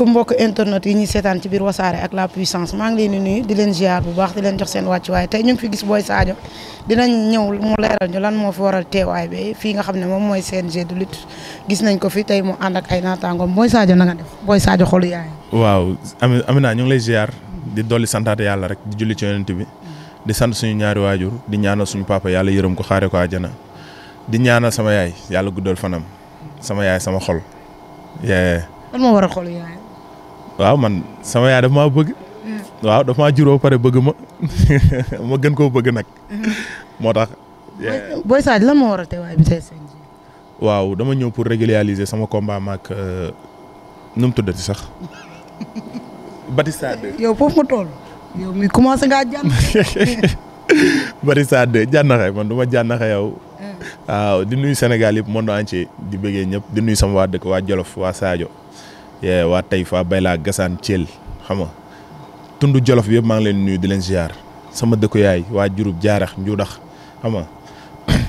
comme mbokk internet yi ñuy seetaan ci biir wasaare ak la puissance maa ngi leen nuyu di leen ziar bu baax di leen jox seen wàccuwaay tey ñu fi gis Boy Sadio dinañ ñëw mu leeral ñu lan moo fi waral teewaay bi fii nga xam ne moom mooy CNG de lutte gis nañ ko fi tey mu ànd ak ay naataangoom Boy Sadio na nanga def Boy Sadio xolu yaay. waaw Amina ñu ngi lay ziar di dolli santaate yàlla rek di julli ci yonent bi di sant suñu ñaari waajur di ñaanal suñu papa yàlla yërëm ko xaare ko àjjana di ñaanal sama yaay yàlla guddal fanam sama yaay sama xol. waaw man sama yaay daf maa bëgg. Hmm. waaw daf maa juróo pare bëgg ma ma gën koo bëgg nag. Hmm. moo tax. booy Sadio lan moo waral teewaay bi tey seen waaw dama ñëw pour régulariser sama combat maak euh, nu mu tuddati sax. Batista 2. yow foofu nga toll. yow mi man du ma yow. Hmm. waaw di nuyu Sénégal yëpp monde entier di bëggee ñëpp di nuy sama waa dëkk waa Jolof waa Sadio. waa tey Taïfa Bayla Gassane Thiel xam nga tund jolof bi yëpp maa ngi leen nuyu di leen ziar sama dëkku yaay waa jurub jaarax Ndioudax xam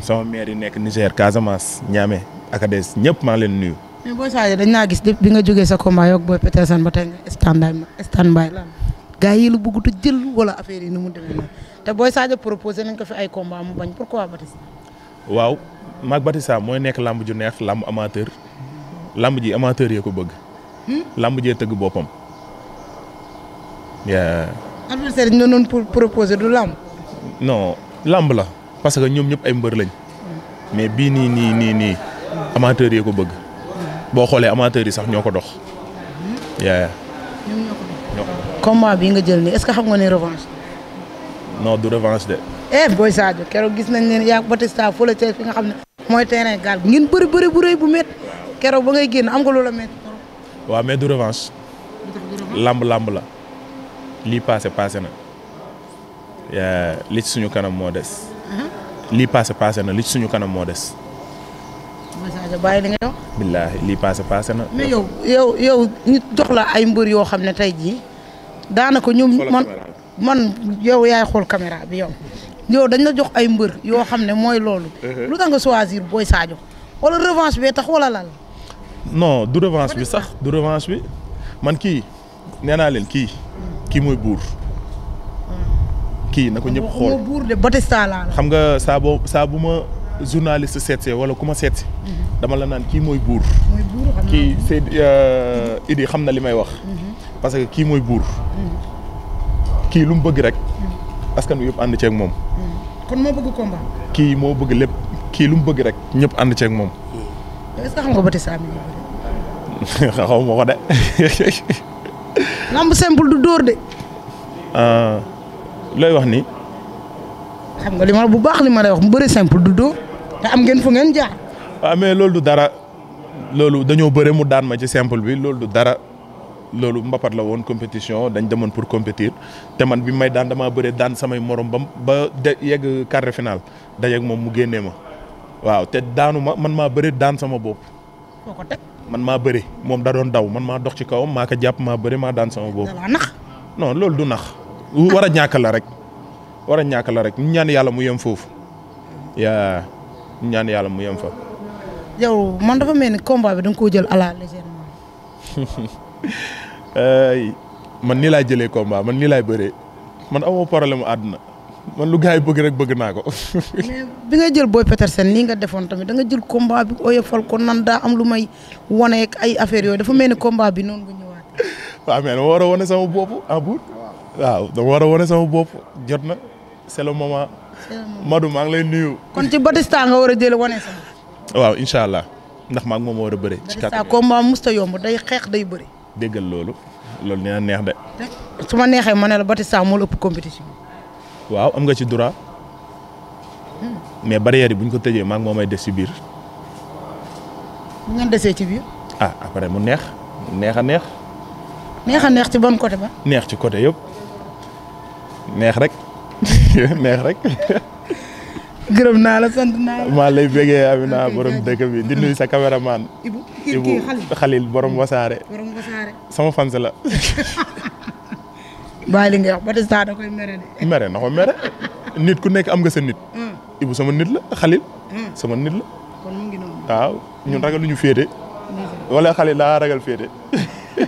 sama maire yi nekk Niger Casamance Niamey Akades ñëpp maa ngi leen nuyu. mais dañ naa gis bi nga jógee sa combat yow ba tey nga stand stand by gaa yi lu bëggut jël wala affaire yi mu demee noonu te booy Sadio proposé nañ ko fi ay combat mu bañ pourquoi Batista. waaw maag Batista mooy nekk làmb ju neex lamb amateur lamb ji amateur yee ko bëgg. làmb jee tëgg boppam. adversaire ñu doon proposer du làmb. non làmb la parce que ñoom ñëpp ay mbër lañ. mais bii nii nii nii nii amateurs yi ko bëgg. boo xoolee amateurs yi sax ñoo ko dox. yaa ñoom ñoo ko nga jël nii est-ce que xam nga ne revanche. non du revanche de. eh Boy Sadio keroog gis nañ leen yaa Batista fële ca fi nga xam ne. mooy terrain gaal ngeen bëri bëri bu rëy bu métti keroog ba ngay génn am nga loola waaw mais du revanche. làmb làmb la. lii passé paase na. li suñu kanam moo des. Uh-huh. lii passé passé na li suñu kanam moo des. message bàyyi li nga wax. billaahi lii passé passé na. mais yow yow yow jox la ay mbër yoo xam ne tey jii daanaka ñoom. man yow yaay xool caméra bi yow. dañ la jox ay mbër yoo xam ne mooy loolu. Uh-huh. lu tax nga choisir Boy Sadio. wala revanche bee tax wala lan. non du revanche bi sax du revanche bi man kii nee naa leen kii kii mooy buur. Hmm. kii na ko ñëpp xool buur de Batista laa xam nga saa boo ma journaliste seetsee wala ku ma seetsi hmm. dama la naan kii mooy buur. mooy buur xam kii hmm. euh, Idi xam na li may wax. parce que kii mooy buur. kii lu mu bëgg rek. askan wi yëpp ànd ceeg moom. kon moo bëgg combat. kii moo bëgg lépp kii lu mu bëgg rek ñëpp ànd ceeg moom. est ce que xam ma ko de. simple du dóor de. Ah. looy wax ni. xam nga li bu baax li ma wax mu bëri simple du dóor te am ngeen fu ngeen ah, loolu du dara loolu dañoo bëre mu daan ma ci simple bi loolu du dara loolu mbapat la woon compétition dañ demoon pour compétir te man bi may daan damaa bëre daan samay morom ba ba de yegg quart de finale dajeeg moom mu génnee ma. waaw te daanu ma man maa bëri daan sama bopp. foo man maa bëri moom da doon daw man maa dox ci kawam maa ko jàpp maa bëri maa daan sama bopp. nax. non loolu du nax. war a ñàkk la rek. war a ñàkk la rek ñu ñaan yàlla mu yem foofu. yaa ñu ñaan yàlla mu yem fa. yow man dafa mel ni combat bi da koo jël à la légèrement. man nii laay jëlee combat man nii laay bëree man amoo problème mu àdduna. man lu gars yi bëgg rek bëgg naa ko. bi nga jël Boy Petersen nii nga defoon tamit danga jël combat bi oyofal kon nan daa am lu may wane ay affaire yooyu dafa mel ni combat bi noonu nga ñëwaat. waaw mais dama war a wane sama bopp ah buut waaw dama war a wane sama jot na c'est le moment. maa ngi lay nuyu. kon ci Batista nga war a jël wane sama. waaw incha allah ndax maa ngi moom war a bëre. ci kàttan combat musta yomb day xeex day bëri. déggal loolu. loolu nee na neex de. su ma neexee ma ne la Batista moo la ëpp compétition. waaw am nga ci droit mais barrière buñ bu ñu ko tëjee maa may des ci biir. bu desee ci biir. ah après mu neex neex a neex. neex a neex ci ban côté ba. neex ci côté yëpp neex rek neex rek. gërëm naa la sant naa la. maa lay bégee Amina borom dëkk bi di sa caméraman. Ibu Ibu Xalil borom wasaare. borom wasaare. sama fans la. bàyyi li nga wax Batista da koy mere de. mere na mere nit ku nekk am nga sa nit. Hmm. Ibou sama nit la Xalil. Hmm. sama nit la. waaw ñun ragal lu ñu féete. wala Xalil laa ragal féete.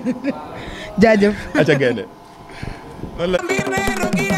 jaajëf. acca gaynde noonu